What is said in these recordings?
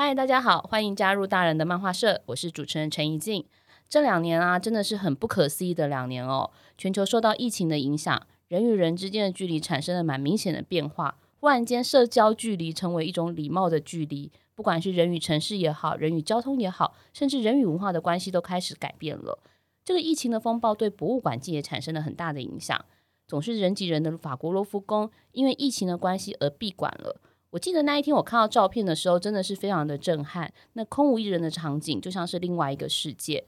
嗨，Hi, 大家好，歡迎加入大人的漫畫社，我是主持人陳怡靜。這兩年啊，真的是很不可思議的兩年哦。全球受到疫情的影響，人與人之間的距離產生了蠻明顯的變化。忽然間，社交距離成為一種禮貌的距離，不管是人與城市也好，人與交通也好，甚至人與文化的關係都開始改變了。這個疫情的風暴對博物館界也產生了很大的影響。總是人擠人的法國羅浮宮，因為疫情的關係而閉館了。我記得那一天我看到照片的時候，真的是非常的震撼。那空無一人的場景，就像是另外一個世界。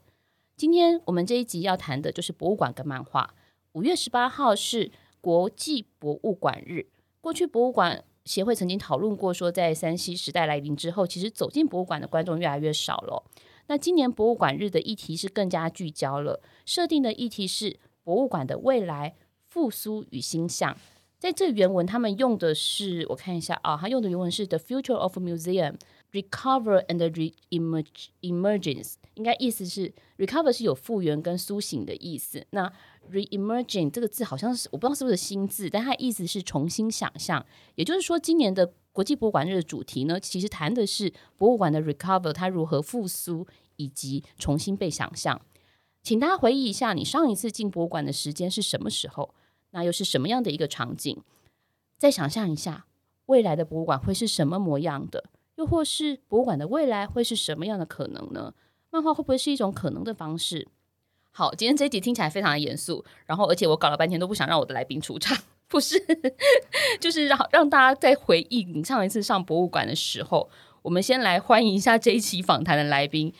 今天我們這一集要談的就是博物館跟漫畫。五月十八號是國際博物館日。過去博物館協會曾經討論過，說在 3C 時代來臨之後，其實走進博物館的觀眾越來越少了。那今年博物館日的議題是更加聚焦了，設定的議題是博物館的未來復甦與新象。在這原文，他們用的是我看一下啊，他用的原文是 "The future of a museum recover and re emerge emergence"，應該意思是 "recover" 是有復原跟甦醒的意思。那 "re emerging" 這個字好像是我不知道是不是新字，但它的意思是重新想象。也就是說，今年的國際博物館日的主題呢，其實談的是博物館的 "recover"，它如何復甦以及重新被想象。請大家回憶一下，你上一次進博物館的時間是什麼時候？那又是什麼樣的一個場景？再想象一下，未來的博物館會是什麼模樣的？又或是博物館的未來會是什麼樣的可能呢？漫畫會不會是一種可能的方式？好，今天這一集聽起來非常的嚴肅，然後而且我搞了半天都不想讓我的來賓出場，不是，就是讓讓大家再回憶你上一次上博物館的時候。我們先來歡迎一下這一期訪談的來賓。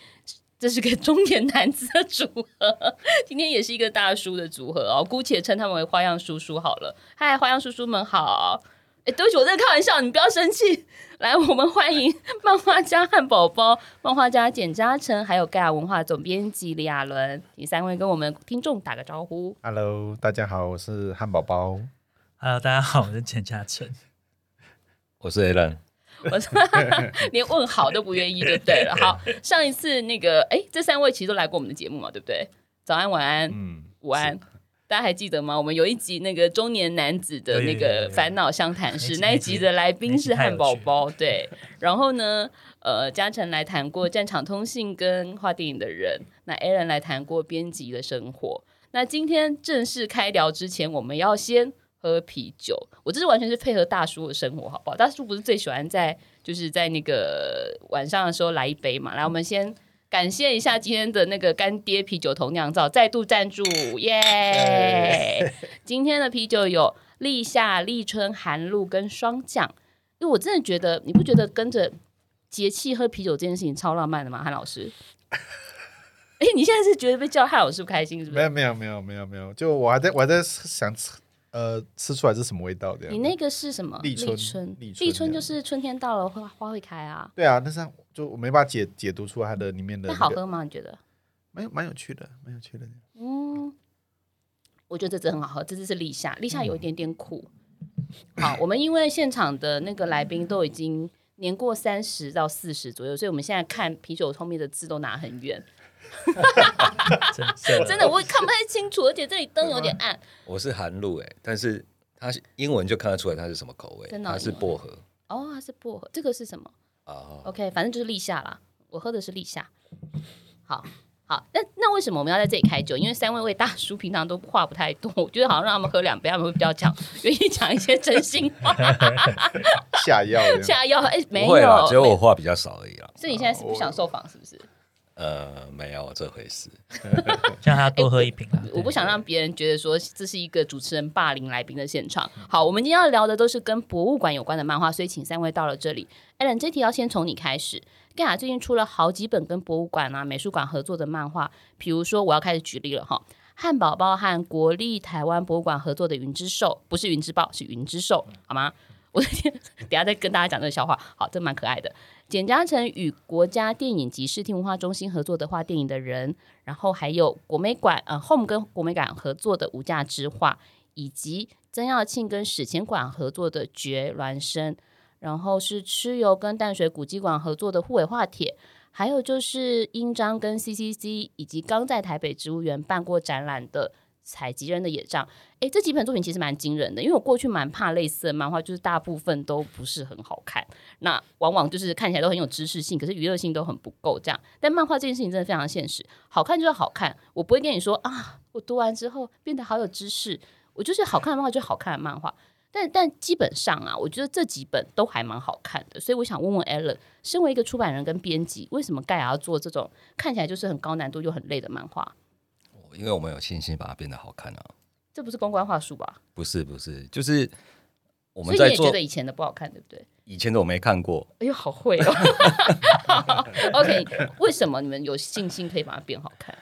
這是個中年男子的組合，今天也是一個大叔的組合哦，姑且稱他們為花樣叔叔好了。嗨，花樣叔叔們好！誒，對不起，我在開玩笑，你不要生氣。來，我們歡迎漫畫家漢寶包、漫畫家簡嘉誠，還有蓋亞文化總編輯李亞倫，請三位跟我們聽眾打個招呼。Hello，大家好，我是漢寶包。Hello，大家好，我是簡嘉誠。 我是亞倫。我說 連問好都不願意，對不對？好，上一次那個哎，這三位其實都來過我們的節目嘛，對不對？早安、晚安、嗯、午安，是大家還記得嗎？我們有一集那個中年男子的那個煩惱相談室，對對對對，那一集的來賓是漢寶包，對。然後呢，呃，嘉誠來談過戰場通信跟畫電影的人， 那 Aaron 來談過編輯的生活。那今天正式開聊之前，我們要先。喝啤酒，我這是完全是配合大叔的生活，好不好？大叔不是最喜歡在就是在那個晚上的時候來一杯嘛？來，我們先感謝一下今天的那個乾爹啤酒頭釀造再度贊助耶！Yeah! 嘿嘿嘿，今天的啤酒有立夏、立春、寒露跟霜降，因、欸、為我真的覺得，你不覺得跟着節氣喝啤酒這件事情超浪漫的嗎？漢老師，哎、 欸，你現在是覺得被叫漢老師不開心是，不是？沒有，沒有，沒有，沒有，沒有，就我還在我在想吃。呃，吃出來是什麼味道的？你那個是什麼？立春，立春就是春天到了，花花會開啊。對啊，但是就我沒辦法解解讀出它的裡面的、這個，嗯。那好喝嗎？你覺得？沒有，蠻有趣的，蠻有趣的。嗯，我覺得這支很好喝，這支是立夏，立夏有一點點苦。嗯、好，我們因為現場的那個來賓都已經年過三十到四十左右，所以我們現在看啤酒後面的字都拿很遠。嗯真的，我也看不太清楚，而且這裡燈有點暗。我是寒露哎，但是它是英文就看得出來它是什麼口味。真的，它是薄荷。哦，它是薄荷。這個是什麼？OK，反正就是立夏啦。我喝的是立夏。好好，那那為什麼我們要在這裡開酒？因為三位位大叔平常都話不太多，我覺得好像讓他們喝兩杯，他們會比較講，願意講一些真心話。下藥，下藥，哎，沒有，只有我話比較少而已啦。所以你現在是不想受訪，是不是？呃，沒有這回事，叫 他多喝一瓶、 欸，我我。我不想讓別人覺得說這是一個主持人霸凌來賓的現場。好，我們今天要聊的都是跟博物館有關的漫畫，所以請三位到了這裡。Allen，這題要先從你開始。蓋亞最近出了好幾本跟博物館啊、美術館合作的漫畫，比如說，我要開始舉例了哈。漢寶包和國立台灣博物館合作的《雲之獸》，不是《雲之豹》，是《雲之獸》，好嗎？ 我的天，等下再跟大家講這個笑話。好，這蠻可愛的。簡嘉誠與國家電影及視聽文化中心合作的畫電影的人，然後還有國美館呃 Home 跟國美館合作的無價之畫，以及曾耀慶跟史前館合作的玦：孿生，然後是蚩尤跟淡水古蹟館合作的滬尾畫帖，還有就是英張跟 CCC 以及剛在台北植物園辦過展覽的。採集人的野帳。哎，這幾本作品其實蠻驚人的，因為我過去蠻怕類似的漫畫，就是大部分都不是很好看，那往往就是看起來都很有知識性，可是娛樂性都很不夠。這樣，但漫畫這件事情真的非常現實，好看就是好看，我不會跟你說啊，我讀完之後變得好有知識，我就是好看的漫畫就是好看的漫畫。但但基本上啊，我覺得這幾本都還蠻好看的，所以我想問問亞倫，身為一個出版人跟編輯，為什麼蓋亞要做這種看起來就是很高難度又很累的漫畫？因為我們有信心把它變得好看啊！這不是公關話術吧？不是不是，就是我們現在也覺得以前的不好看，對不對？以前的我沒看過。哎呦，好會哦 好！OK，為什麼你們有信心可以把它變好看？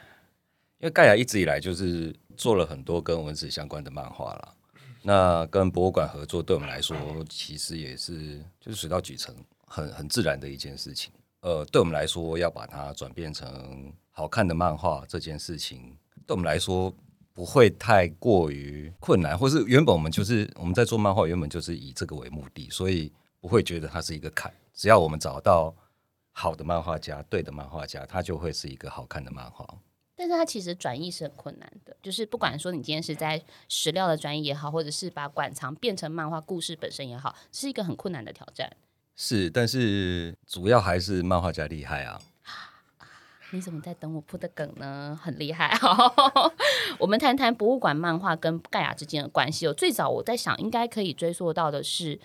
因為蓋亞一直以來就是做了很多跟文字相關的漫畫了。那跟博物館合作，對我們來說其實也是就是水到渠成、很很自然的一件事情。呃，對我們來說，要把它轉變成好看的漫畫這件事情。對我們來說不會太過於困難，或是原本我們就是我們在做漫畫，原本就是以這個為目的，所以不會覺得它是一個坎。只要我們找到好的漫畫家、對的漫畫家，他就會是一個好看的漫畫。但是他其實轉譯是很困難的，就是不管說你今天是在史料的轉譯也好，或者是把館藏變成漫畫故事本身也好，是一個很困難的挑戰。是，但是主要還是漫畫家厲害啊。你怎麼在等我鋪的梗呢？很厲害呵呵！我們談談博物館漫畫跟蓋亞之間的關係。哦，最早我在想，應該可以追溯到的是，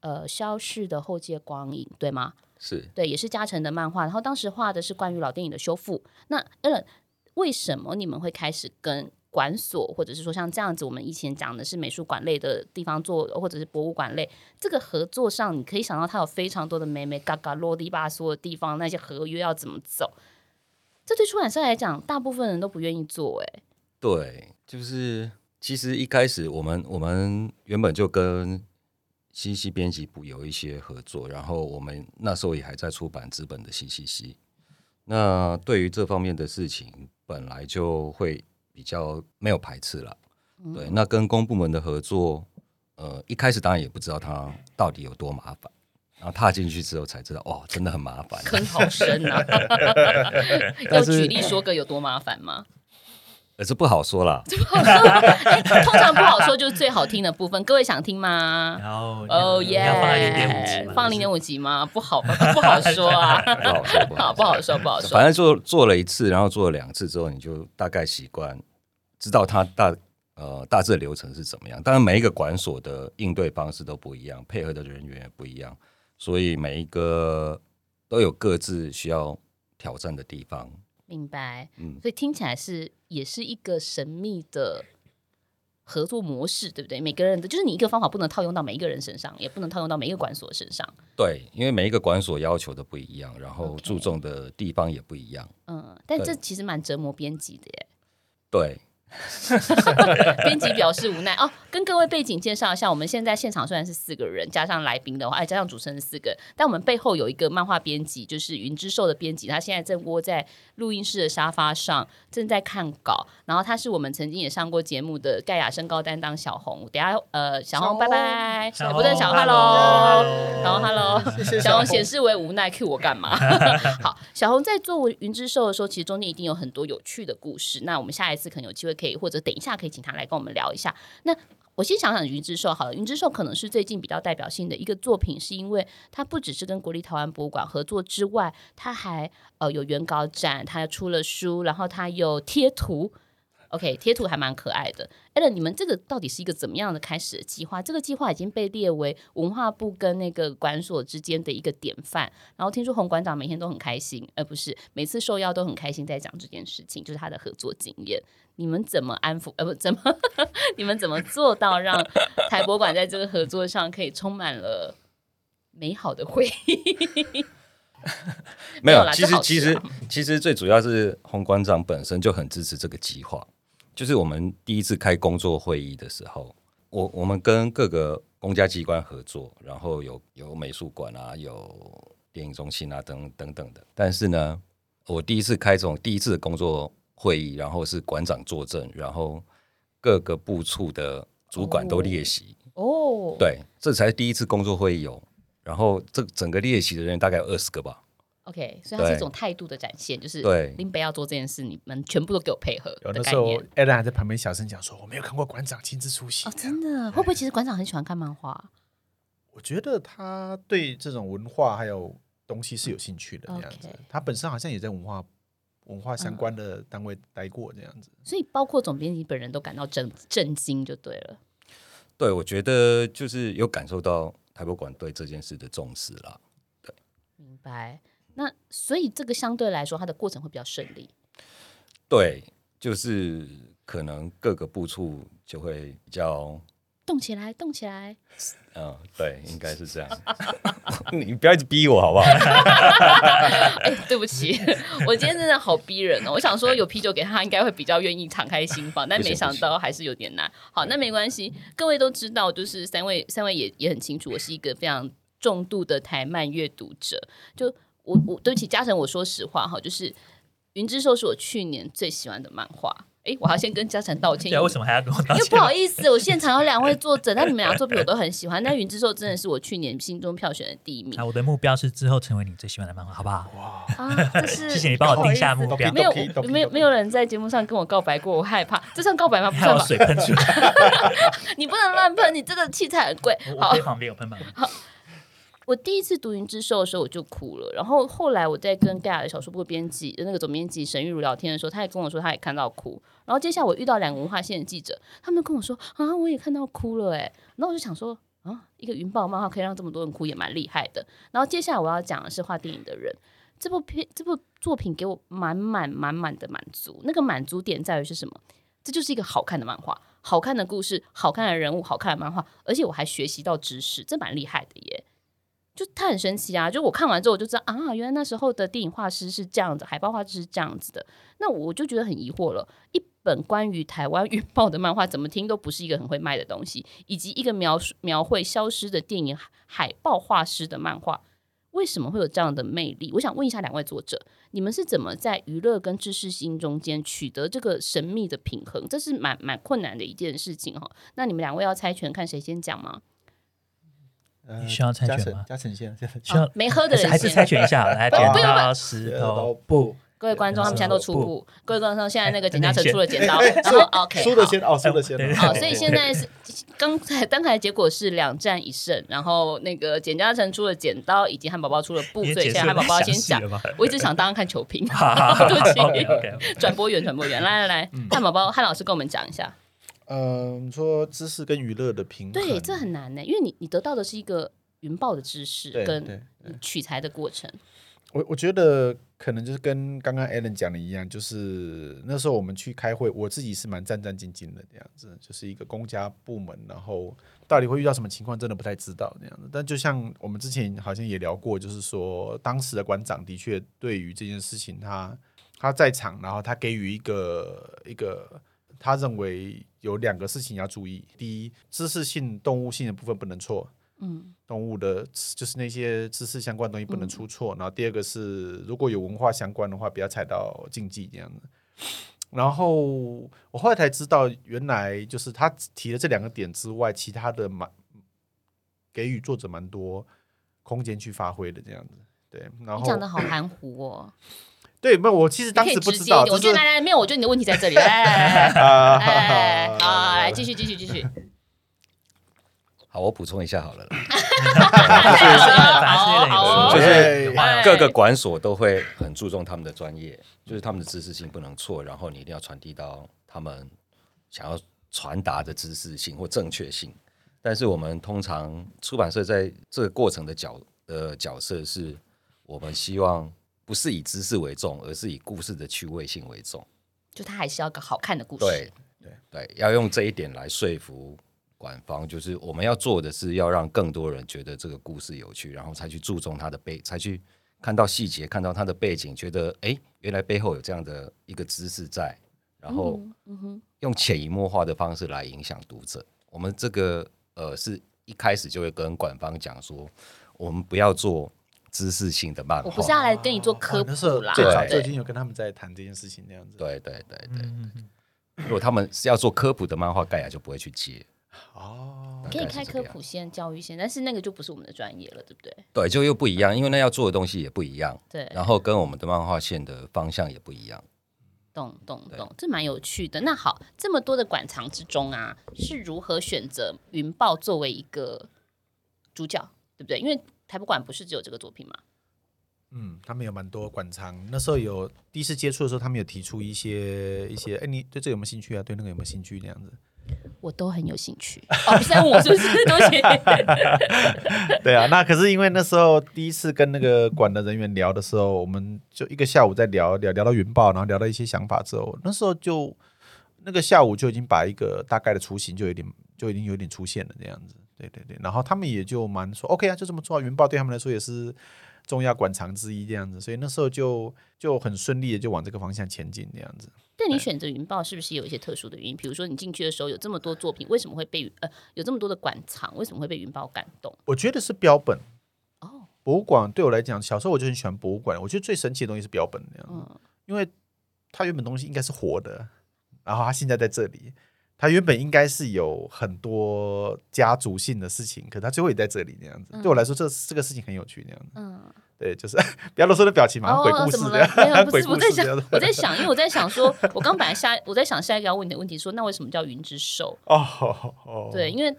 呃，消逝的《後街光影》，對嗎？是對，也是嘉誠的漫畫。然後當時畫的是關於老電影的修復。那，那為什麼你們會開始跟館所，或者是說像這樣子，我們以前講的是美術館類的地方做，或者是博物館類這個合作上，你可以想到它有非常多的眉眉角角，囉里吧嗦的地方，那些合約要怎麼走？這對出版社來講，大部分人都不願意做、欸。哎，對，就是其實一開始我們我們原本就跟 CC 編輯部有一些合作，然後我們那時候也還在出版資本的 ccc，那對於這方面的事情，本來就會比較沒有排斥了。嗯、對，那跟公部門的合作，呃，一開始當然也不知道它到底有多麻煩。然後踏進去之後才知道，哦，真的很麻煩、啊，坑好深啊！ 要舉例說個有多麻煩嗎？呃，這不好說啦 、欸。通常不好說就是最好聽的部分。各位想聽嗎？哦耶，放零點五集嗎？不好，不好說啊，不好說，不好說，不好說。反正做做了一次，然後做了兩次之後，你就大概習慣，知道它大呃大致的流程是怎麼樣。當然，每一個館所的應對方式都不一樣，配合的人員也不一樣。所以每一個都有各自需要挑戰的地方、嗯，明白？所以聽起來是也是一個神秘的合作模式，對不對？每個人的，就是你一個方法不能套用到每一個人身上，也不能套用到每一個館所身上。對，因為每一個館所要求的不一樣，然後注重的地方也不一樣。Okay、嗯，但這其實蠻折磨編輯的耶。對。編輯 表示無奈哦，跟各位背景介紹一下，我們現在現場雖然是四個人加上來賓的話，哎，加上主持人是四個人，但我們背後有一個漫畫編輯，就是雲之獸的編輯，他現在正窩在錄音室的沙發上，正在看稿。然後他是我們曾經也上過節目的蓋亞身高擔當小紅，等下呃，小紅，小紅拜拜，不等小紅，Hello 然後哈嘍。Hello、欸、小紅顯示為無奈 ，Q 我幹嘛？ 好，小紅在做雲之獸的時候，其實中間一定有很多有趣的故事。那我們下一次可能有機會。可以，或者等一下可以請他來跟我們聊一下。那我先想想雲之獸好了，雲之獸可能是最近比較代表性的一個作品，是因為它不只是跟國立台灣博物館合作之外，它還呃有原稿展，它出了書，然後它有貼圖。OK，貼圖還蠻可愛的 Alan 你們這個到底是一個怎麼樣的開始的計劃？這個計劃已經被列為文化部跟那個館所之間的一個典範。然後聽說洪館長每天都很開心，而不是每次受邀都很開心，在講這件事情，就是他的合作經驗。你們怎麼安撫？呃，不，怎麼 你們怎麼做到讓台博館在這個合作上可以充滿了美好的回憶？ 沒有啦，其實啦其實其實最主要是洪館長本身就很支持這個計劃。就是我們第一次開工作會議的時候，我我們跟各個公家機關合作，然後有有美術館啊，有電影中心啊，等等等的。但是呢，我第一次開這種第一次的工作會議，然後是館長坐鎮，然後各個部處的主管都列席哦，oh. Oh. 對，這才是第一次工作會議哦。然後這整個列席的人大概有二十個吧。OK，所以他是一種態度的展現，對就是林北要做這件事，你們全部都給我配合。有的時候，艾拉還在旁邊小聲講說：“我沒有看過館長親自出席。哦”真的，對會不會其實館長很喜歡看漫畫？我覺得他對這種文化還有東西是有興趣的。這樣子，嗯 okay、他本身好像也在文化文化相關的單位待過，這樣子。嗯、所以，包括總編輯本人都感到震震驚，就對了。對，我覺得就是有感受到台博館對這件事的重視了。對，明白。那所以這個相對來說，它的過程會比較順利。對，就是可能各個部處就會比較動起來，動起來。嗯，對，應該是這樣。 你不要一直逼我好不好，？ 欸，對不起，我今天真的好逼人哦。我想說有啤酒給他，他應該會比較願意敞開心房，但沒想到還是有點難。好，那沒關係。各位都知道，就是三位，三位也也很清楚，我是一個非常重度的台漫閱讀者。就我我對不起嘉誠，我說實話哈，就是《雲之獸》是我去年最喜歡的漫畫。哎、欸，我要先跟嘉誠道歉一下。為什麼還要跟我道歉？因為不好意思，我現場有兩位作者，那 你們倆作品我都很喜歡。但《雲之獸》真的是我去年心中票選的第一名，啊。我的目標是之後成為你最喜歡的漫畫，好不好？哇！就、啊、是之前 你幫我定下的目標，沒有沒有沒有人在節目上跟我告白過，我害怕。這算告白嗎？怕我水噴出來。 你不能亂噴，你這個器材很貴。好，這旁邊有噴好。我第一次讀雲之獸的時候，我就哭了。然後後來我在跟蓋亞的小說部編輯，那個總編輯沈玉茹聊天的時候，他也跟我說，他也看到哭。然後接下來我遇到兩個文化線的記者，他們都跟我說啊，我也看到哭了哎。然後我就想說啊，一個雲豹漫畫可以讓這麼多人哭，也蠻厲害的。然後接下來我要講的是畫電影的人，這部片這部作品給我滿滿滿滿滿的滿足。那個滿足點在於是什麼？這就是一個好看的漫畫，好看的故事，好看的人物，好看的漫畫，而且我還學習到知識，這蠻厲害的耶。就他很神奇啊！就我看完之後，我就知道啊，原來那時候的電影畫師是這樣子，海報畫師是這樣子的。那我就覺得很疑惑了。一本關於台灣預報的漫畫，怎麼聽都不是一個很會賣的東西，以及一個描繪描繪消失的電影海報畫師的漫畫，為什麼會有這樣的魅力？我想問一下兩位作者，你們是怎麼在娛樂跟知識性中間取得這個神秘的平衡？這是蠻蠻困難的一件事情哈、哦。那你們兩位要猜拳看誰先講嗎？你需要猜拳嗎？嘉誠先，需要沒喝的人先是猜拳一下，來剪刀石頭布。各位觀眾他們現在都出布，各位觀眾現在那個簡嘉誠出了剪刀，然後 OK，輸的先哦，輸的先。好，所以現在是剛才剛才結果是兩戰一勝，然後那個簡嘉誠出了剪刀，以及漢寶包出了布，所以現在漢寶包先想。我一直想當看球評，對不起。轉播員，轉播員，來來來，漢寶包，漢老師跟我們講一下。嗯，說知識跟娛樂的平衡，對，這很難呢。因為你你得到的是一個雲豹的知識跟取材的過程。我我覺得可能就是跟剛剛亞倫講的一樣，就是那時候我們去開會，我自己是蠻戰戰兢兢的這樣子，就是一個公家部門，然後到底會遇到什麼情況，真的不太知道這樣子。但就像我們之前好像也聊過，就是說當時的館長的確對於這件事情他，他他在場，然後他給予一個一個。他認為有兩個事情要注意：第一，知識性、動物性的部分不能錯，嗯，動物的就是那些知識相關的東西不能出錯；嗯、然後第二個是，如果有文化相關的話，不要踩到禁忌這樣子。然後我後來才知道，原來就是他提了這兩個點之外，其他的蠻給予作者蠻多空間去發揮的這樣子。對，然後你講的好含糊哦。 對，沒有，我其實當時不知道，我覺得來來沒有，我覺得你的問題在這裡。好，來繼續繼續繼續。好，我補充一下好了。就是各個館所，都會很注重他們的專業，就是他們的知識性不能錯，然後你一定要傳遞到他們想要傳達的知識性或正確性。但是我們通常出版社在這個過程的角的角色，是我們希望。不是以知識為重，而是以故事的趣味性為重。就他還是要個好看的故事。對對對，要用這一點來說服館方，就是我們要做的是要讓更多人覺得這個故事有趣，然後才去注重它的背，才去看到細節，看到它的背景，覺得哎、欸，原來背後有這樣的一個知識在，然後用潛移默化的方式來影響讀者。嗯嗯哼、我們這個呃，是一開始就會跟館方講說，我們不要做。知識性的漫畫，我不是要來跟你做科普啦。最、哦、最近有跟他們在談這件事情那樣子。對對對對，對對對對嗯、如果他們是要做科普的漫畫，蓋亞就不會去接哦。可以開科普線、教育線，但是那個就不是我們的專業了，對不對？對，就又不一樣，因為那要做的東西也不一樣。對，然後跟我們的漫畫線的方向也不一樣。懂懂懂，這蠻有趣的。那好，這麼多的館藏之中啊，是如何選擇雲豹作為一個主角，對不對？因為。臺博館不是只有這個作品嗎？嗯，他們有蠻多館藏。那時候有第一次接觸的時候，他們有提出一些一些，哎，你對這個有沒有興趣啊？對那個有沒有興趣？那樣子，我都很有興趣。 哦，三五是,是不是都 對啊，那可是因為那時候第一次跟那個館的人員聊的時候，我們就一個下午在聊聊聊到《雲豹》，然後聊到一些想法之後，那時候就那個下午就已經把一個大概的雛形就有點就已經有點出現了這樣子。對對對，然後他們也就蠻說 OK 啊，就這麼做啊。雲豹對他們來說也是重要館藏之一這樣子，所以那時候就就很順利的就往這個方向前進這樣子。但對對你選擇雲豹是不是有一些特殊的原因？比如說你進去的時候有這麼多作品，為什麼會被呃有這麼多的館藏，為什麼會被雲豹感動？我覺得是標本哦，博物館對我來講，小時候我就很喜歡博物館。我覺得最神奇的東西是標本這樣、嗯、因為它原本東西應該是活的，然後它現在在這裡。他原本應該是有很多家族性的事情，可他最後也在這裡那樣子。嗯、對我來說，這這個事情很有趣那樣子。嗯，對，就是不要囉嗦的表情蠻鬼故事的、哦、怎麼了？沒有，不是，我在想，我在想，因為我在想說， 我剛本來下，我在想下一個要問你的問題說，說那為什麼叫雲之獸、哦？哦，對，因為。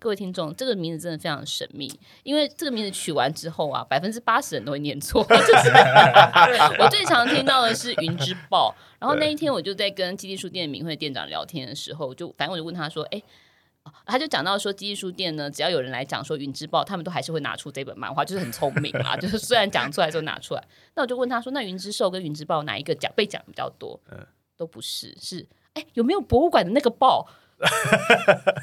各位聽眾，這個名字真的非常神秘，因為這個名字取完之後啊，百分之八十的人都會念錯。 我最常聽到的是雲之豹，然後那一天我就在跟基地書店的名會店長聊天的時候，就反正我就問他說：“哎，他就講到說，基地書店呢，只要有人來講說雲之豹，他們都還是會拿出這本漫畫，就是很聰明啊， 就是雖然講出來就拿出來。那我就問他說：那雲之獸跟雲之豹哪一個講被講比較多？嗯，都不是，是哎，有沒有博物館的那個豹？”哈哈哈！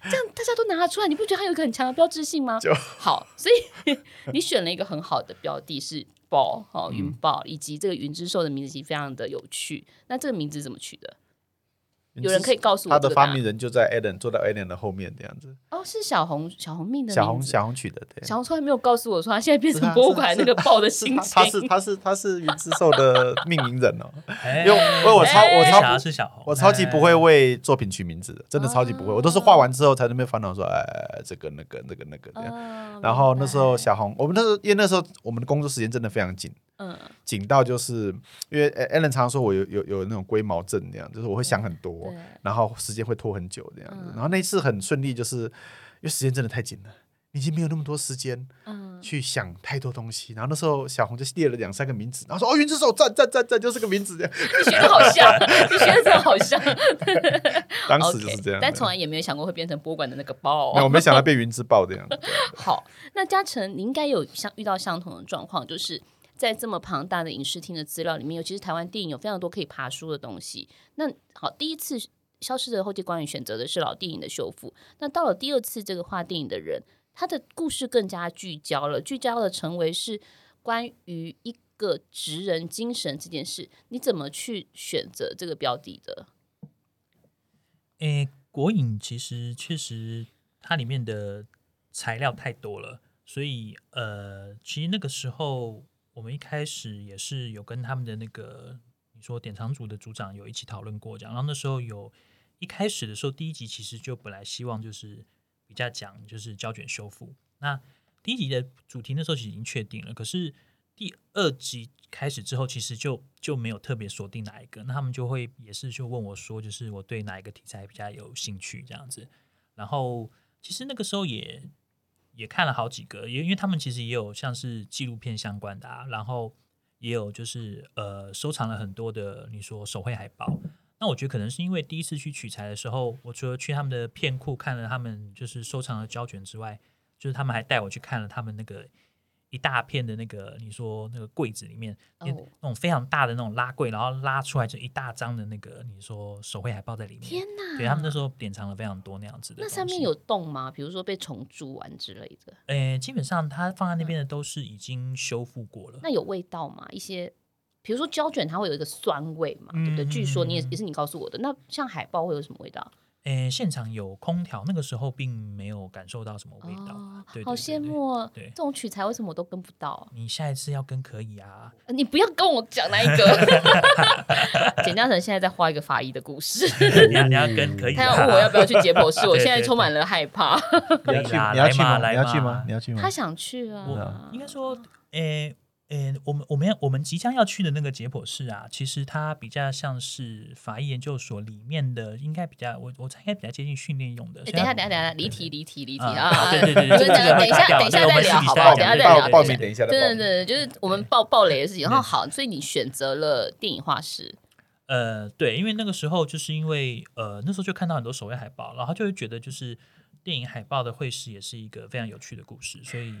哎， 這樣大家都拿得出來，你不覺得它有一個很強的標誌性嗎？好，所以你選了一個很好的標的，是豹好、哦、雲豹，嗯、以及這個雲之獸的名字，其實非常的有趣。那這個名字是怎麼取的？有人可以告訴我他的發明人就在亞倫，坐在亞倫的後面這樣子。哦，是小紅，小紅命的。小紅，小紅取的。對。小紅從來沒有告訴我說他現在變成博物館那個報的心情。是他是，他是，他是雲之獸的命名人哦。 欸、因為，我超，欸、我超，我超級不會為作品取名字，的，欸、真的超級不會。我都是畫完之後才那邊煩惱說，哎，這個、那個、那、這個、那個。嗯。然後那時候小紅，我們那時候因為那時候我們的工作時間真的非常緊。嗯，緊到就是因為 Alan 常常說我有有有那種龜毛症那樣，就是我會想很多，嗯、然後時間會拖很久這樣子。嗯、然後那次很順利，就是因為時間真的太緊了，已經沒有那麼多時間，去想太多東西。然後那時候小紅就列了兩三個名字，然後說：“哦，雲之獸，站、站、站、站」，就是個名字。”這樣，你覺得好像， 你覺得好像 當時就是這樣，okay, 但從來也沒有想過會變成博物館的那個包、啊。那我沒想到變雲之包這樣。對對對 好，那嘉誠，你應該有相遇到相同的狀況，就是。在這麼龐大的影視聽的資料裡面，尤其是台灣電影，有非常多可以爬梳的東西。那好，第一次《消逝的後街光影》選擇的是老電影的修復。那到了第二次，這個畫電影的人，他的故事更加聚焦了，聚焦了成為是關於一個職人精神這件事。你怎麼去選擇這個標的的？誒，國影其實確實它裡面的材料太多了，所以呃，其實那個時候。我們一開始也是有跟他們的那個你說典藏組的組長有一起討論過講，然後那時候有，一開始的時候第一集其實就本來希望就是比較講就是膠卷修復，那第一集的主題那時候就已經確定了，可是第二集開始之後其實就就沒有特別鎖定哪一個，那他們就會也是就問我說就是我對哪一個題材比較有興趣這樣子，然後其實那個時候也。也看了好幾個，也因為他們其實也有像是紀錄片相關的啊，然後也有就是呃收藏了很多的你說手繪海報。那我覺得可能是因為第一次去取材的時候，我除了去他們的片庫看了他們就是收藏的膠卷之外，就是他們還帶我去看了他們那個。一大片的那個，你說那個櫃子裡面，oh. 那種非常大的那種拉櫃，然後拉出來就一大張的那個，你說手繪海報在裡面。天哪！對，他們那時候典藏了非常多那樣子的。那上面有洞嗎？比如說被蟲蛀完之類的？哎、欸，基本上它放在那邊的都是已經修復過了，嗯。那有味道嗎？一些，比如說膠卷它會有一個酸味嘛，對不對？嗯嗯嗯嗯。據說你也也是你告訴我的。那像海報會有什麼味道？呃，現場有空調，那個時候並沒有感受到什麼味道，對。好羨慕，對，這種取材為什麼我都跟不到？你下一次要跟可以啊。你不要跟我講那一個，簡嘉誠現在在畫一個法醫的故事，你要跟可以。他要問我要不要去解剖室，我現在充滿了害怕。你要去嗎？要去嗎？你要去嗎？他想去啊，應該說，嗯，我們我們要我們即將要去的那個解剖室啊，其實它比較像是法醫研究所裡面的，應該比較我我才應該比較接近訓練用的。等一下等一下等一下，離題離題離題啊！對對對，等一下等一下再聊，好不好？等一下再聊。報名等一下。對對對，就是我們爆爆雷的事情。然後好，所以你選擇了電影畫師。呃，對，因為那個時候就是因為呃那時候就看到很多手繪海報，然後就會覺得就是電影海報的繪師也是一個非常有趣的故事，所以。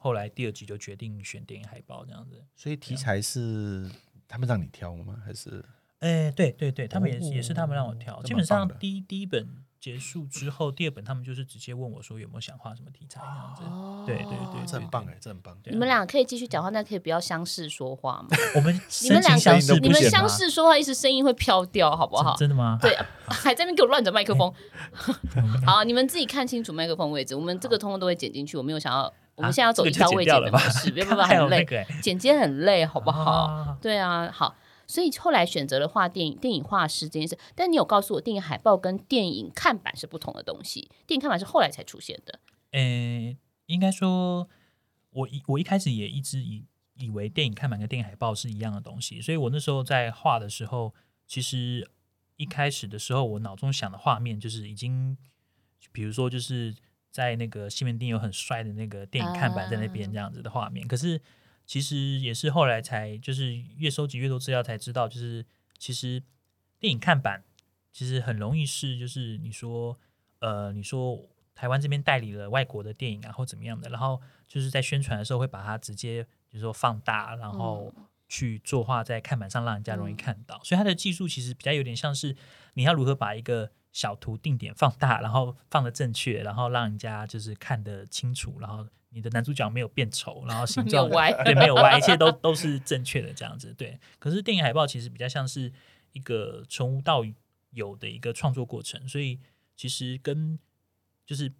後來第二集就決定選電影海報這樣子，所以題材是他們讓你挑嗎？還是？哎，對對對，他們也也是他們讓我挑。基本上第一第一本結束之後，第二本他們就是直接問我說有沒有想畫什麼題材這樣子。對對對，這很棒哎，很棒。你們倆可以繼續講話，那可以不要相視說話嗎？我們你們兩個你們相視說話，意思聲音會飄掉，好不好？真的嗎？對，還在那給我亂着麥克風。好，你們自己看清楚麥克風位置。我們這個通通都會剪進去，我沒有想要。啊、我們現在要走進到未剪的方式，別不知道很累， 剪接很累，好不好，啊？對啊，好，所以後來選擇了畫電影，電影畫師這件事。但你有告訴我，電影海報跟電影看板是不同的東西，電影看板是後來才出現的。嗯、欸，應該說，我一我一開始也一直以以為電影看板跟電影海報是一樣的東西，所以我那時候在畫的時候，其實一開始的時候，我腦中想的畫面就是已經，比如說就是。在那個西門町有很帥的那個電影看板在那邊這樣子的畫面，可是其實也是後來才就是越收集越多資料才知道，就是其實電影看板其實很容易是就是你說呃你說台灣這邊代理了外國的電影啊或怎麼樣的，然後就是在宣傳的時候會把它直接就是說放大，然後去作畫在看板上讓人家容易看到，所以它的技術其實比較有點像是你要如何把一個。小圖定點放大，然後放的正確，然後讓人家就是看得清楚，然後你的男主角沒有變醜，然後形狀歪對沒有歪，有歪 一切都都是正確的這樣子。對，可是電影海報其實比較像是一個從無到有的一個創作過程，所以其實跟就是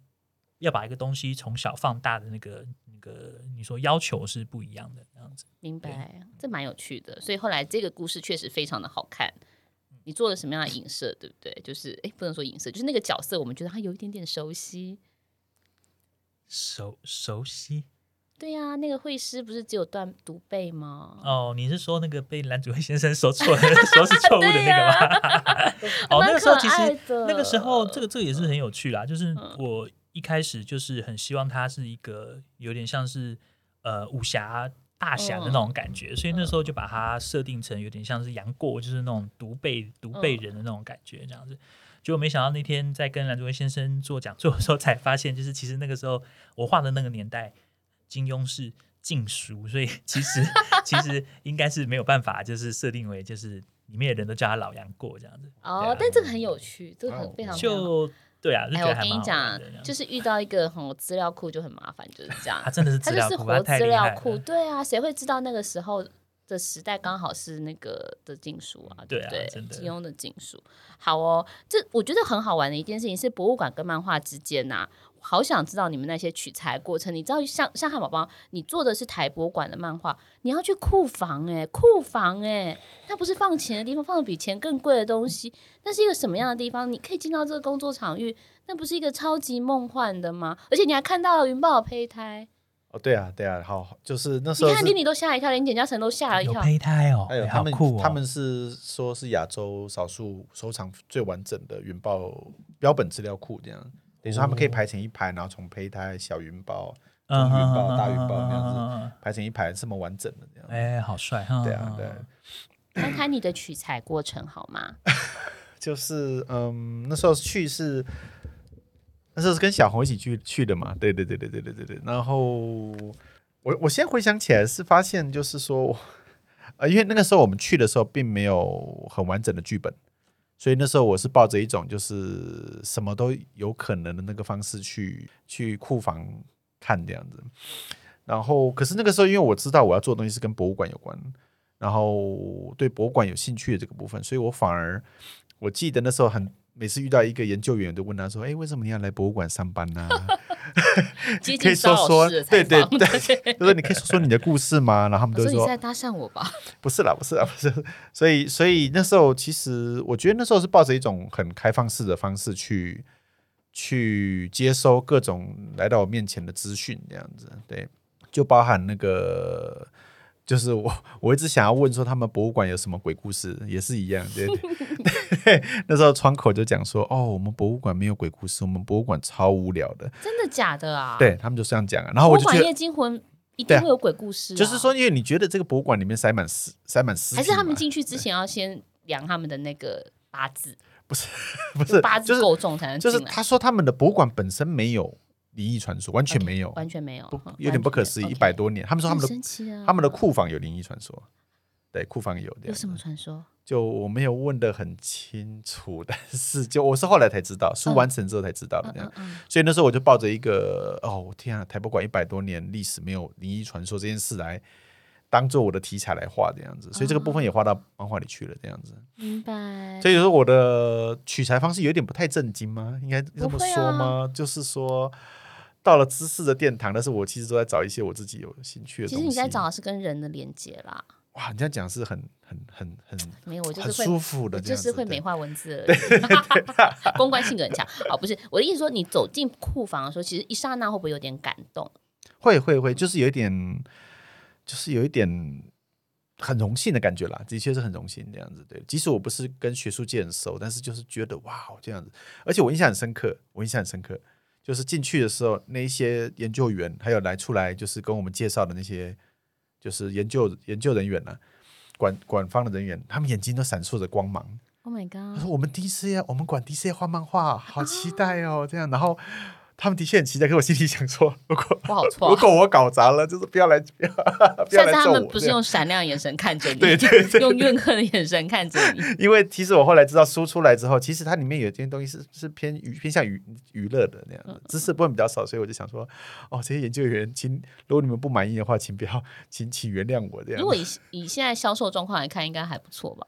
要把一個東西從小放大的那個那個你說要求是不一樣的這樣子。明白，對這蠻有趣的。所以後來這個故事確實非常的好看。你做了什麼樣的影射，對不對？就是，誒，不能說影射，就是那個角色，我們覺得他有一點點熟悉，熟熟悉。對呀、啊，那個繪師不是只有斷獨臂嗎？哦，你是說那個被藍祖蔚先生說錯了， 說是錯誤的那個嗎？ 啊、 哦，那，那個時候其實那個時候這個這個也是很有趣啦。就是我一開始就是很希望他是一個有點像是呃武俠。大俠的那種感覺，哦，所以那時候就把它設定成有點像是楊過，嗯、就是那種獨臂獨臂人的那種感覺這樣子。結果沒想到那天在跟藍志威先生做講座的時候，才發現就是其實那個時候我畫的那個年代，金庸是禁書，所以其實 其實應該是沒有辦法，就是設定為就是裡面的人都叫他老楊過這樣子。哦、啊，但這個很有趣，這個很非常、非常，哦，就。對啊，哎、欸，我跟你講，就是遇到一個很資、哦、料庫就很麻煩，就是這樣。他 真的是資料庫，活資料庫，對啊，誰會知道那個時候的時代剛好是那個的禁書啊？對，不對，對啊，真的。金庸的禁書。好哦，這我覺得很好玩的一件事情是博物館跟漫畫之間吶、啊。好想知道你們那些取材過程。你知道像像漢寶包，你做的是台博館的漫畫，你要去庫房誒、欸，庫房誒、欸，那不是放錢的地方，放的比錢更貴的東西。那是一個什麼樣的地方？你可以進到這個工作場域，那不是一個超級夢幻的嗎？而且你還看到了雲豹的胚胎。哦，對啊，對啊，好，就是那時候，你看麗你都嚇一跳，連簡嘉誠都嚇了一跳，胚胎哦，還有、哎呦欸、他們酷、哦、他們是說是亞洲少數收藏最完整的雲豹標本資料庫這樣。等於說他們可以排成一排，哦、然後從胚胎小雲包、中、嗯、雲包、嗯、大雲包、嗯、這樣子排成一排，嗯、這麼完整的那樣。哎，好帥哈！嗯、對啊，嗯、對。看看你的取材過程好嗎？就是嗯，那時候去是那時候是跟小紅一起去去的嘛，對對對對對對對對。然後我我先回想起來是發現就是說，啊、呃，因為那個時候我們去的時候並沒有很完整的劇本。所以那時候我是抱着一種就是什麼都有可能的那個方式去去庫房看這樣子，然後可是那個時候因為我知道我要做的東西是跟博物館有關，然後對博物館有興趣的這個部分，所以我反而我記得那時候很。每次遇到一個研究員，都問他說：“誒，為什麼你要來博物館上班呢？” 你可以說說，對對對，就是 對 你可以說說你的故事嗎？然後他們都說：“你在搭訕我吧。”不是啦，不是啦，不是啦。所以，所以那時候，其實我覺得那時候是抱着一種很開放式的方式去去接收各種來到我面前的資訊，這樣子對，就包含那個。就是我，我一直想要問說，他們博物館有什麼鬼故事，也是一樣，對，對,對 那時候窗口就講說，哦，我們博物館沒有鬼故事，我們博物館超無聊的。真的假的啊？對，他們就是這樣講啊。然後我就覺得，博物館夜驚魂一定會有鬼故事，啊啊。就是說，因為你覺得這個博物館裡面塞滿屍，塞滿屍，還是他們進去之前要先量他們的那個八字？不是不是，八字夠重才能進來。不是，就是就是他說他們的博物館本身沒有。靈異傳說完全沒有，okay, 完全沒有，嗯，有點不可思議，一百，okay，多年，他們說他們的，啊，他們的庫房有靈異傳說，對，庫房有。這樣有什麼傳說？就我沒有問得很清楚，但是就我是後來才知道，書完成之後才知道的。嗯，這樣。嗯嗯嗯，所以那時候我就抱着一個哦我天啊，台北館一百多年歷史沒有靈異傳說這件事來當做我的題材來畫這樣子，所以這個部分也畫到漫畫裡去了。哦，這樣子。明白。所以說我的取材方式有點不太正經嗎？應該這麼說嗎？啊，就是說。到了知識的殿堂，但是我其實都在找一些我自己有興趣的東西。其實你在找的是跟人的連接啦。哇，你這樣講是很很很很舒服的這樣，就是會美化文字，公關性格很強。哦， 不是我的意思，說你走進庫房的時候， 其實一剎那會不會有點感動？會會會，就是有一點，就是有一點很榮幸的感覺啦。的確是很榮幸這樣子，對。即使我不是跟學術界很熟，但是就是覺得哇，這樣子，而且我印象很深刻，我印象很深刻。就是進去的時候，那一些研究員還有來出來，就是跟我們介紹的那些，就是研究研究人員呢、啊，館館方的人員，他們眼睛都閃爍着光芒。Oh my god！他說：“我們 DC 啊，我們管 DC 畫漫畫，好期待哦。” oh. 這樣，然後。他們的確很期待，可是我心裡想說，如果不好、啊、如果我搞砸了，就是不要來，不要不要來。但是他們不是用閃亮眼神看着你，對對，用怨恨的眼神看着你。因為其實我後來知道，書出來之後，其實它裡面有些東西是是偏娛偏向娛娛樂的那樣，知識部分比較少，所以我就想說，哦，這些研究員，請如果你們不滿意的話，請不要，請請原諒我這樣。如果以以現在銷售狀況來看，應該還不錯吧？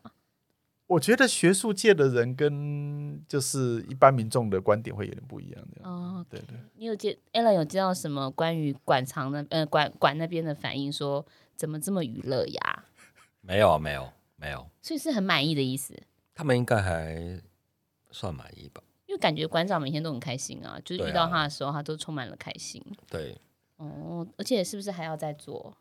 我覺得學術界的人跟就是一般民眾的觀點會有點不一樣，這樣。哦，oh, okay. 對對。你有接 Alan 有接到什麼關於館藏的？呃，館館那邊的反應說怎麼這麼娛樂呀？ 沒有啊，沒有，沒有。所以是很滿意的意思。他們應該還算滿意吧？因為感覺館長每天都很開心啊，就是遇到他的時候，啊、他都充滿了開心。對。哦，而且是不是還要再做？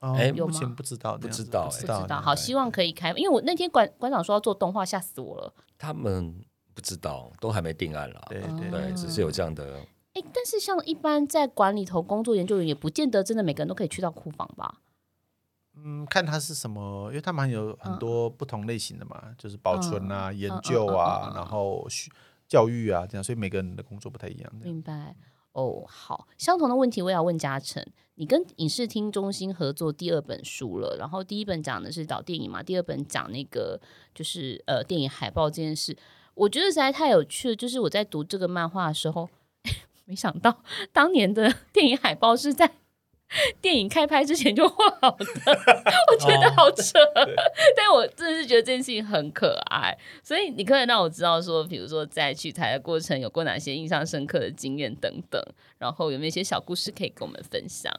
哎，目前不知道，不知道，不知道。好，希望可以開，因為我那天館館長說要做動畫，嚇死我了。他們不知道，都還沒定案了。對對，只是有這樣的。哎，但是像一般在館裡頭工作研究員，也不見得真的每個人都可以去到庫房吧？嗯，看他是什麼，因為他們還有很多不同類型的嘛，就是保存啊、研究啊，然後教育啊這樣，所以每個人的工作不太一樣的。明白。哦，好，相同的問題我也要問嘉誠。你跟影視聽中心合作第二本書了，然後第一本講的是導電影嘛，第二本講那個就是呃電影海報這件事。我覺得實在太有趣了，就是我在讀這個漫畫的時候，沒想到當年的電影海報是在。電影開拍之前就畫好的， 我覺得好扯。哦、但我真的是覺得這件事情很可愛，所以你可，可以讓我知道說，比如說在取材的過程有過哪些印象深刻的經驗等等，然後有沒有一些小故事可以跟我們分享？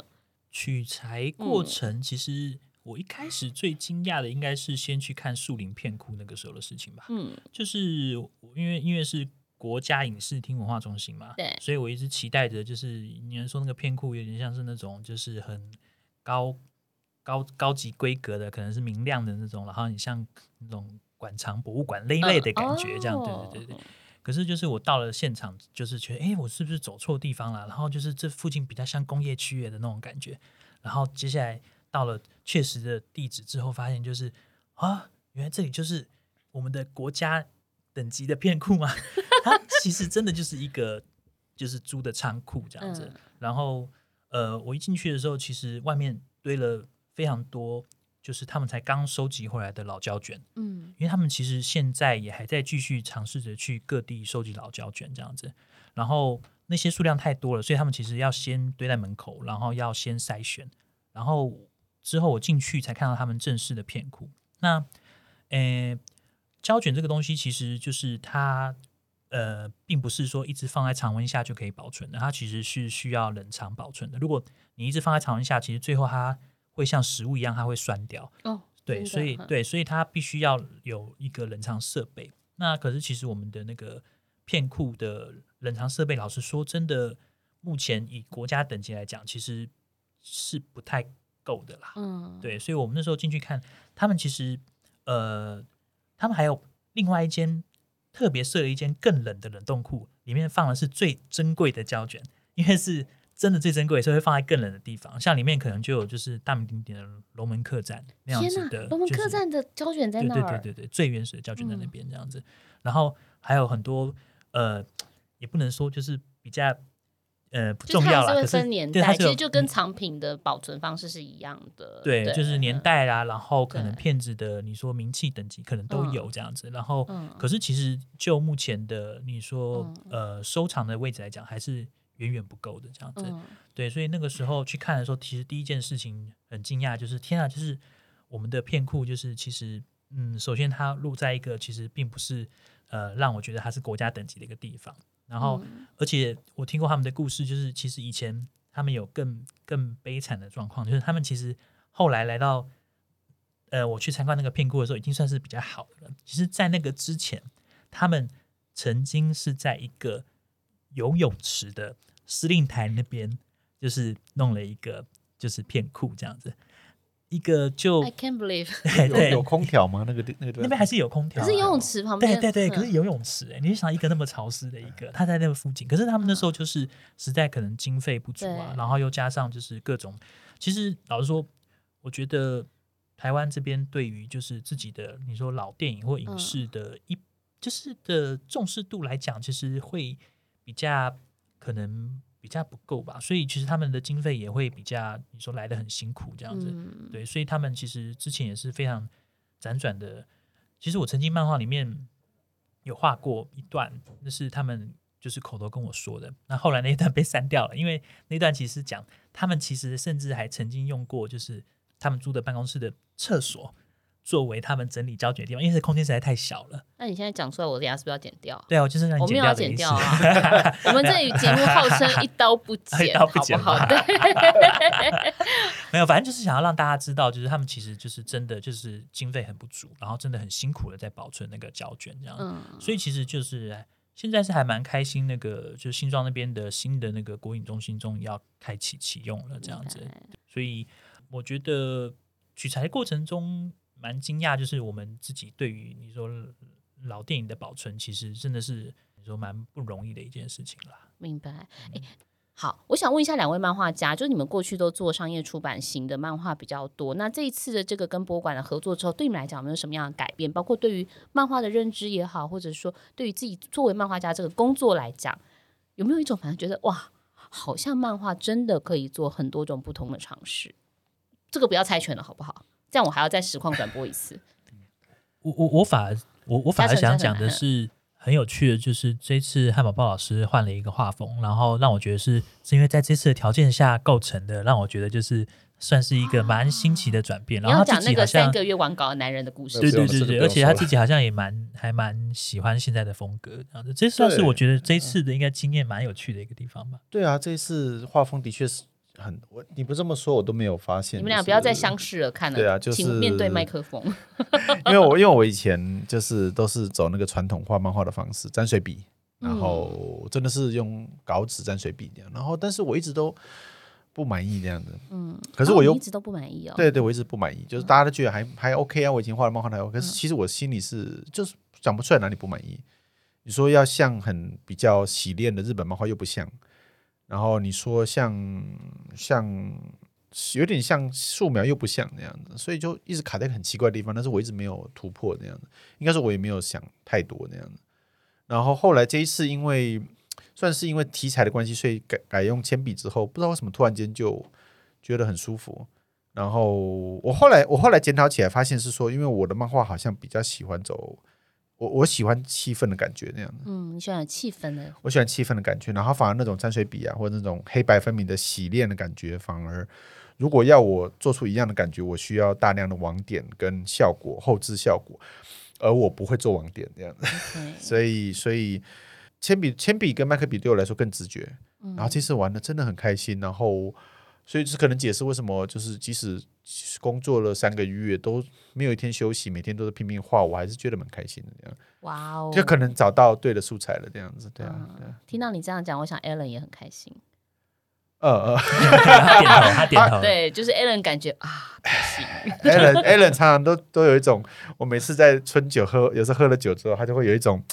取材過程，嗯、其實我一開始最驚訝的應該是先去看樹林片庫那個時候的事情吧。嗯，就是因為因為是。國家影視聽文化中心嘛，對，所以我一直期待着，就是你們說那個片庫有點像是那種就是很高高高級規格的，可能是明亮的那種，然後你像那種館藏博物館那類,類的感覺，這樣，uh, oh. 對對對對。可是就是我到了現場，就是覺得，哎、欸，我是不是走錯地方了？然後就是這附近比較像工業區域的那種感覺。然後接下來到了確實的地址之後，發現就是啊，原來這裡就是我們的國家。等級的片庫嗎？它其實真的就是一個 就是租的倉庫這樣子。嗯、然後，呃，我一進去的時候，其實外面堆了非常多，就是他們才剛收集回來的老膠卷。嗯，因為他們其實現在也還在繼續嘗試着去各地收集老膠卷這樣子。然後那些數量太多了，所以他們其實要先堆在門口，然後要先篩選。然後之後我進去才看到他們正式的片庫。那，誒。膠卷這個東西其實就是它，呃，並不是說一直放在常溫下就可以保存的，它其實是需要冷藏保存的。如果你一直放在常溫下，其實最後它會像食物一樣，它會酸掉。哦，對，啊，所以對，所以它必須要有一個冷藏設備。那可是，其實我們的那個片庫的冷藏設備，老實說真的，目前以國家等級來講，其實是不太夠的啦。嗯，對，所以我們那時候進去看，他們其實呃。他們還有另外一間，特別設了一間更冷的冷凍庫，裡面放的是最珍貴的膠卷，因為是真的最珍貴，所以會放在更冷的地方。像裡面可能就有就是大名鼎鼎的龍門客棧那樣子的。天啊、就是、龍門客棧的膠卷在那，對對對對對，最原始的膠卷在那邊這樣子。嗯、然後還有很多呃，也不能說就是比較。呃，不重要了。它是分年代可是，但其實就跟藏品的保存方式是一樣的。嗯、對，對就是年代啊，嗯、然後可能片子的你說名氣等級，可能都有這樣子。嗯、然後，嗯、可是其實就目前的你說、嗯、呃收藏的位置來講，還是遠遠不夠的這樣子。嗯、對，所以那個時候去看的時候，其實第一件事情很驚訝，就是天啊，就是我們的片庫，就是其實嗯，首先它錄在一個其實並不是呃讓我覺得它是國家等級的一個地方。然後，而且我聽過他們的故事，就是其實以前他們有更更悲慘的狀況，就是他們其實後來來到，呃，我去參觀那個片庫的時候，已經算是比較好的了。其實，在那個之前，他們曾經是在一個游泳池的司令台那邊，就是弄了一個就是片庫這樣子。一個就，對，對，對有，有空調嗎？那個那個、對對 那邊還是有空調，可是游泳池旁邊。對對對，可是游泳池哎、欸，你想一個那麼潮濕的一個，他、嗯、在那個附近。可是他們那時候就是實在可能經費不足啊，嗯、然後又加上就是各種。對其實老實說，我覺得台灣這邊對於就是自己的你說老電影或影視的一、嗯、就是的重視度來講，其實會比較可能。比較不夠吧，所以其實他們的經費也會比較，你說來的很辛苦這樣子，嗯、對，所以他們其實之前也是非常輾轉的。其實我曾經漫畫裡面有畫過一段，那是他們就是口頭跟我說的，那後來那一段被刪掉了，因為那段其實講他們其實甚至還曾經用過就是他們租的辦公室的廁所，作為他們整理膠卷的地方，因為這空間實在太小了。那你現在講出來，我的牙是不是要剪掉？對啊，我就是讓你。我們要剪掉啊！啊 我們這裡節目號稱一刀不剪， 不剪好不好？對。 沒有，反正就是想要讓大家知道，就是他們其實就是真的就是經費很不足，然後真的很辛苦的在保存那個膠卷這樣。嗯。所以其實就是現在是還蠻開心，那個就是新莊那邊的新的那個國影中心終於要開啟啟用了這樣子。厲害。所以我覺得取材過程中。蠻驚訝，就是我們自己對於你說老電影的保存，其實真的是你說蠻不容易的一件事情啦。明白。欸，好，我想問一下兩位漫畫家，就是你們過去都做商業出版型的漫畫比較多，那這一次的這個跟博物館的合作之後，對你們來講有沒有什麼樣的改變？包括對於漫畫的認知也好，或者說對於自己作為漫畫家這個工作來講，有沒有一種反正覺得哇，好像漫畫真的可以做很多種不同的嘗試？這個不要猜拳了，好不好？這樣我還要再實況轉播一次。嗯、我我我反我我反而想講的是很有趣的，就是這一次漢寶包老師換了一個畫風，然後讓我覺得是是因為在這次的條件下構成的，讓我覺得就是算是一個蠻新奇的轉變。然後他講那個三個月完稿的男人的故事，對對對對，而且他自己好像也蠻還蠻喜歡現在的風格，這算是我覺得這一次的應該經驗蠻有趣的一個地方吧。對啊，這次畫風的確是。很我你不這麼說，我都沒有發現。你們倆不要再相視而看了。就是、對啊，就是面對麥克風， 因為我因為我以前就是都是走那個傳統畫漫畫的方式，沾水筆，然後真的是用稿紙沾水筆這樣，嗯、然後但是我一直都不滿意這樣子。嗯，可是我又、哦、一直都不滿意哦。對對，我一直不滿意，就是大家都覺得還還 OK 啊，我以前畫的漫畫還 OK。可是其實我心裡是就是講不出來哪裡不滿意。嗯、你說要像很比較洗練的日本漫畫又不像。然後你說像像有點像素描又不像那樣子，所以就一直卡在很奇怪的地方，但是我一直沒有突破那樣子，應該說我也沒有想太多那樣子，然後後來這一次，因為算是因為題材的關係，所以改改用鉛筆之後，不知道為什麼突然間就覺得很舒服。然後我後來我後來檢討起來，發現是說，因為我的漫畫好像比較喜歡走。我我喜歡氣氛的感覺，那樣子。嗯，你喜歡氣氛的？我喜歡氣氛的感覺，然後反而那種沾水筆啊，或者那種黑白分明的洗練的感覺，反而如果要我做出一樣的感覺，我需要大量的網點跟效果後製效果，而我不會做網點這樣子。Okay 所以，所以鉛筆鉛筆跟麥克筆對我來說更直覺。然後這次玩的真的很開心，然後。所以這可能解釋為什麼，就是即使工作了三個月都沒有一天休息，每天都是拼命畫，我還是覺得蠻開心的。這樣 Wow，哇哦，就可能找到對的素材了，這樣子，對啊。嗯、對聽到你這樣講，我想 Alan 也很開心。呃呃、嗯，嗯、 他點頭，他點頭。啊、對，就是 Alan 感覺啊 Alan Alan 常常都都有一種，我每次在春酒喝，有時候喝了酒之後，他就會有一種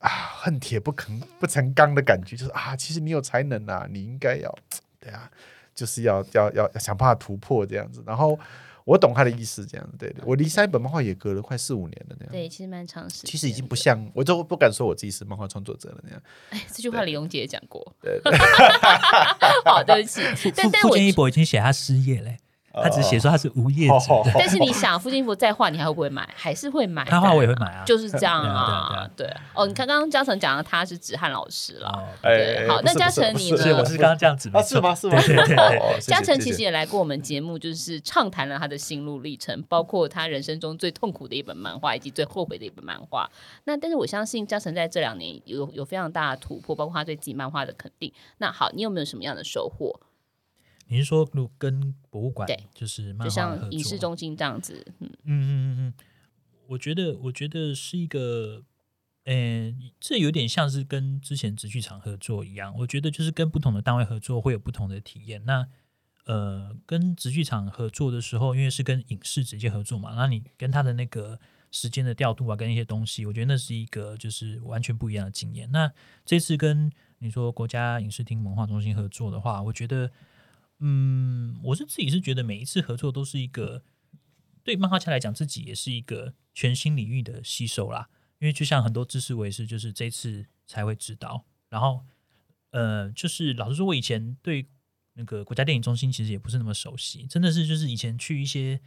啊，恨鐵不，不成不成鋼的感覺，就是啊，其實你有才能啊，你應該要，對啊。就是要要要想辦法突破這樣子，然後我懂他的意思，這樣子，對，我離三本漫畫也隔了快四五年了那樣。對，其實蠻長時間。其實已經不像我都不敢說我自己是漫畫創作者了那樣。哎，這句話李永杰講過。對，好，對不起。是，但但傅一博已經寫他失業了欸。他只是寫說他是無業、哦哦哦哦哦、但是你想，付金福再畫，你還會不會買？還是會買。他畫我也會買啊。就是這樣啊，對。哦，你看剛剛嘉誠講了他是紙漢老師了，嗯、對好，欸欸那嘉誠你呢？是是我是剛剛這樣子。是啊，是嗎？是嗎？嘉誠、哦哦、其實也來過我們節目，就是暢談了他的心路歷程，包括他人生中最痛苦的一本漫畫，以及最後悔的一本漫畫。那但是我相信嘉誠在這兩年有有非常大的突破，包括他對自己漫畫的肯定。那好，你有沒有什麼樣的收穫？你是說，如跟博物館，對，就是就像影視中心這樣子，嗯嗯嗯嗯，我覺得，我覺得是一個，嗯、欸，這有點像是跟之前植劇場合作一樣，我覺得就是跟不同的單位合作會有不同的體驗。那呃，跟植劇場合作的時候，因為是跟影視直接合作嘛，那你跟他的那個時間的調度啊，跟一些東西，我覺得那是一個就是完全不一樣的經驗。那這次跟你說國家影視聽文化中心合作的話，我覺得。嗯，我是自己是覺得每一次合作都是一個對漫畫家來講，自己也是一個全新領域的吸收啦，因為就像很多知識我也是就是這次才會知道，然後呃就是老實說，我以前對那個國家電影中心其實也不是那麼熟悉，真的是就是以前去一些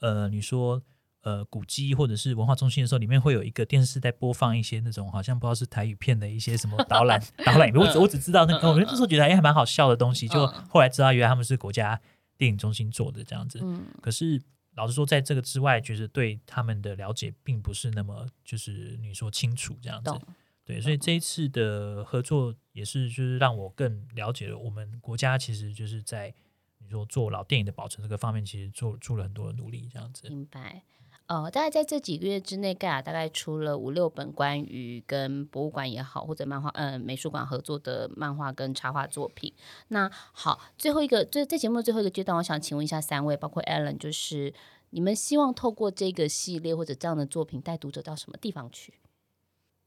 呃你說。呃，古蹟或者是文化中心的時候，裡面會有一個電視在播放一些那種好像不知道是台語片的一些什麼導覽 導覽。我只 我只知道那個， 我那時候覺得哎、欸、還蠻好笑的東西，就 後來知道原來他們是國家電影中心做的這樣子。嗯、可是老實說，在這個之外，就是對他們的了解並不是那麼就是你說清楚這樣子。懂對，所以這一次的合作也是就是讓我更了解了我們國家其實就是在你說做老電影的保存這個方面，其實做做了很多的努力這樣子。明白。呃、哦，大概在這幾個月之內，蓋亞大概出了五六本關於跟博物館也好，或者漫畫、嗯、呃、美術館合作的漫畫跟插畫作品。那好，最後一個，最在節目的最後一個階段，我想請問一下三位，包括亞倫，就是你們希望透過這個系列或者這樣的作品，帶讀者到什麼地方去？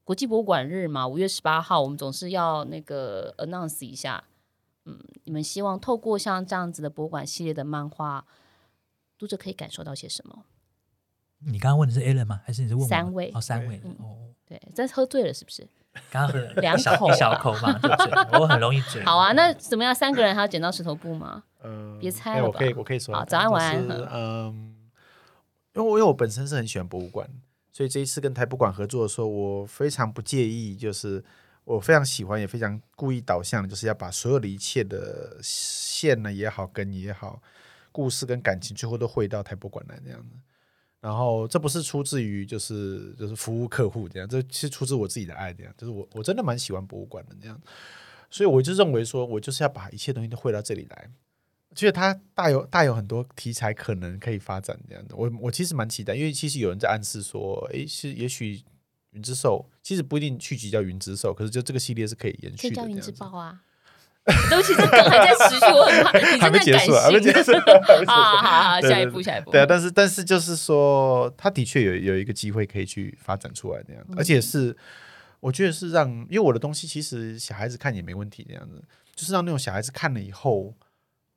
國際博物館日嘛，五月十八號，我們總是要那個 announce 一下。嗯，你們希望透過像這樣子的博物館系列的漫畫，讀者可以感受到些什麼？你剛剛問的是 Allen 嗎？還是你是問我三位？哦，三位哦。嗯嗯、對，真是喝醉了是不是？剛剛喝了兩小口，小口嘛對 就醉了。我很容易醉。好啊，那怎麼樣？三個人還要剪刀石頭布嗎？嗯，別猜了。我可以，我可以說。好，早安晚安。是嗯，因為我因為我本身是很喜歡博物館，所以這一次跟台博館合作的時候，我非常不介意，就是我非常喜歡，也非常故意導向，就是要把所有的一切的線呢也好，你也好，故事跟感情最後都匯到台博館來這樣子。然後這不是出自於就是就是服務客戶這樣，這其實出自我自己的愛這樣，就是我我真的蠻喜歡博物館的那樣，所以我就認為說我就是要把一切東西都匯到這裡來，其實它大有大有很多題材可能可以發展這樣的。我我其實蠻期待，因為其實有人在暗示說，哎，是也許雲之獸其實不一定續集叫雲之獸，可是就這個系列是可以延續的這樣子，這尤其是還在持續，我很怕還沒結束，還沒結束啊！哈哈，好，好，下一步，對下一步。對啊，但是但是就是說，他的確有有一個機會可以去發展出來的樣子，嗯、而且是我覺得是讓，因為我的東西其實小孩子看也沒問題的樣子，就是讓那種小孩子看了以後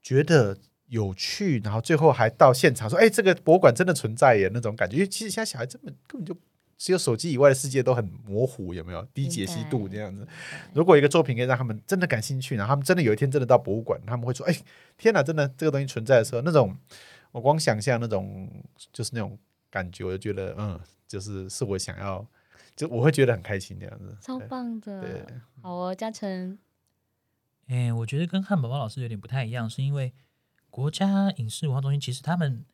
覺得有趣，然後最後還到現場說：“哎、欸，這個博物館真的存在耶！”那種感覺，因為其實現在小孩根本根本就。只有手機以外的世界都很模糊，有沒有低解析度這樣子？白如果一個作品可以讓他們真的感興趣，然後他們真的有一天真的到博物館，他們會說：“哎，天哪，真的這個東西存在的時候，那種我光想象那種就是那種感覺，我就覺得嗯，就是是我想要，就我會覺得很開心這樣子。”超棒的，對好哦，嘉誠。誒、欸，我覺得跟漢寶包老師有點不太一樣，是因為國家影視文化中心其實他們。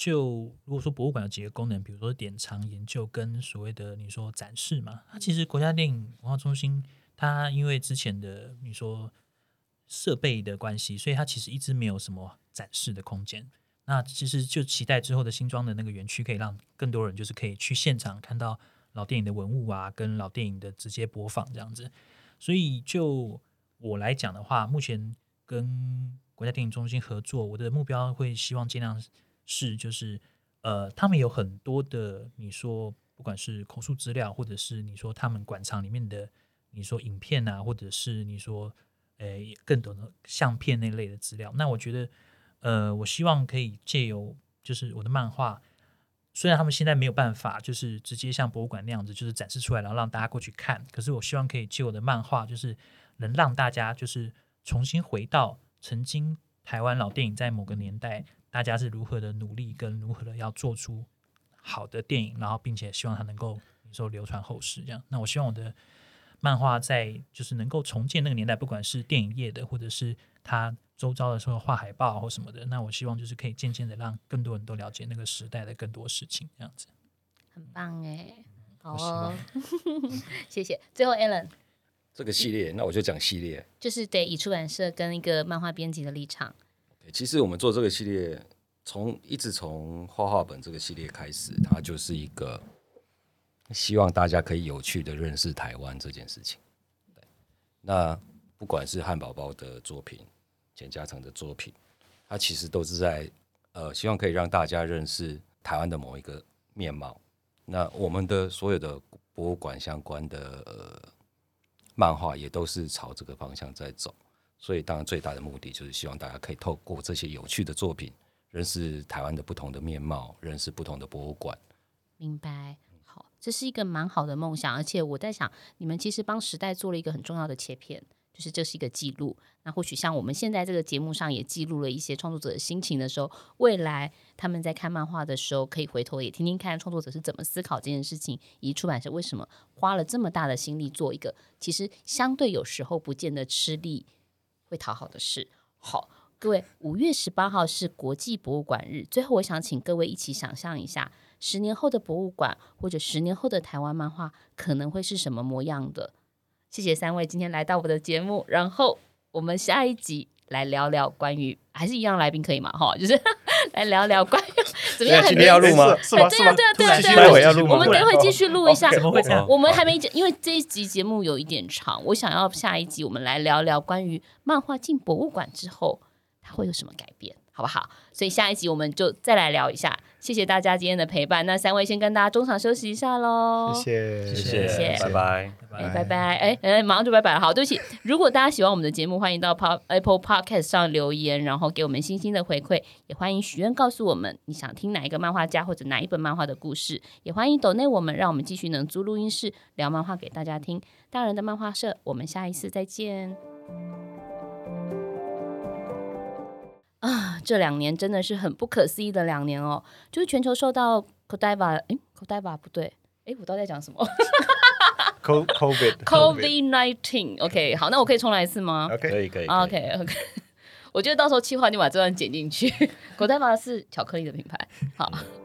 就如果說博物館有幾個功能，比如說典藏、研究跟所謂的你說展示嘛，它其實國家電影文化中心，它因為之前的你說設備的關係，所以它其實一直沒有什麼展示的空間。那其實就期待之後的新莊的那個園區，可以讓更多人就是可以去現場看到老電影的文物啊，跟老電影的直接播放這樣子。所以就我來講的話，目前跟國家電影中心合作，我的目標會希望儘量。是，就是，呃，他們有很多的，你說不管是口述資料，或者是你說他們館藏裡面的，你說影片啊，或者是你說，誒、呃，更多的相片那類的資料。那我覺得，呃，我希望可以借由，就是我的漫畫，雖然他們現在沒有辦法，就是直接像博物館那樣子，就是展示出來，然後讓大家過去看。可是我希望可以借我的漫畫，就是能讓大家，就是重新回到曾經台灣老電影在某個年代，大家是如何的努力，跟如何的要做出好的電影，然後並且希望它能夠有時候流傳後世這樣。那我希望我的漫畫在就是能夠重建那個年代，不管是電影業的，或者是他周遭的時候畫海報或什麼的。那我希望就是可以漸漸的讓更多人都了解那個時代的更多事情，這樣子很棒，哎、欸，好，哦， 謝謝。最後 Allen 這個系列，那我就講系列，嗯，就是得以出版社跟一個漫畫編輯的立場。其實我們做這個系列，從一直從畫畫本這個系列開始，它就是一個希望大家可以有趣的認識台灣這件事情。對，那不管是漢寶包的作品、簡嘉誠的作品，它其實都是在呃希望可以讓大家認識台灣的某一個面貌。那我們的所有的博物館相關的、呃、漫畫也都是朝這個方向在走。所以，當然最大的目的就是希望大家可以透過這些有趣的作品，認識台灣的不同的面貌，認識不同的博物館。明白，好，這是一個蠻好的夢想。而且我在想，你們其實幫時代做了一個很重要的切片，就是這是一個記錄。那或許像我們現在這個節目上也記錄了一些創作者的心情的時候，未來他們在看漫畫的時候，可以回頭也聽聽看創作者是怎麼思考這件事情，以及出版社為什麼花了這麼大的心力做一個，其實相對有時候不見得吃力。會討好的事。好，各位，五月十八號是國際博物館日。最後，我想請各位一起想象一下，十年後的博物館，或者十年後的台灣漫畫，可能會是什麼模樣的？謝謝三位今天來到我的節目。然後，我們下一集來聊聊關於，還是一樣來賓可以嗎？哈、哦，就是來聊聊關於。 怎麼樣今天要錄嗎？對呀、啊、對呀、啊、對呀、啊、對呀、啊啊啊，我們等會繼續錄一下，怎、哦哦 okay, 我，我們還沒講，因為這一集節目有一點長，哦、我想要下一集我們來聊聊關於漫畫進博物館之後它會有什麼改變，好不好？所以下一集我們就再來聊一下。謝謝大家今天的陪伴，那三位先跟大家中場休息一下嘍。謝謝謝謝，拜拜拜拜，哎、拜拜，哎，馬上就拜拜了，好，對不起。如果大家喜歡我們的節目， 歡迎到 Apple Podcast 上留言，然後給我們星星的回饋，也歡迎許願告訴我們你想聽哪一個漫畫家或者哪一本漫畫的故事，也歡迎抖內我們，讓我們繼續能租錄音室聊漫畫給大家聽。大人的漫畫社，我們下一次再見。啊，這兩年真的是很不可思議的兩年哦，就是全球受到 Godiva，ba, 誒，Godiva，不對，哎，我到底在講什麼？Covid，Covid nineteen，OK， COVID、okay, 好，那我可以重來一次嗎？OK，可以，OK，OK，我覺得到時候企劃你把這段剪進去 Godiva， 是巧克力的品牌，好。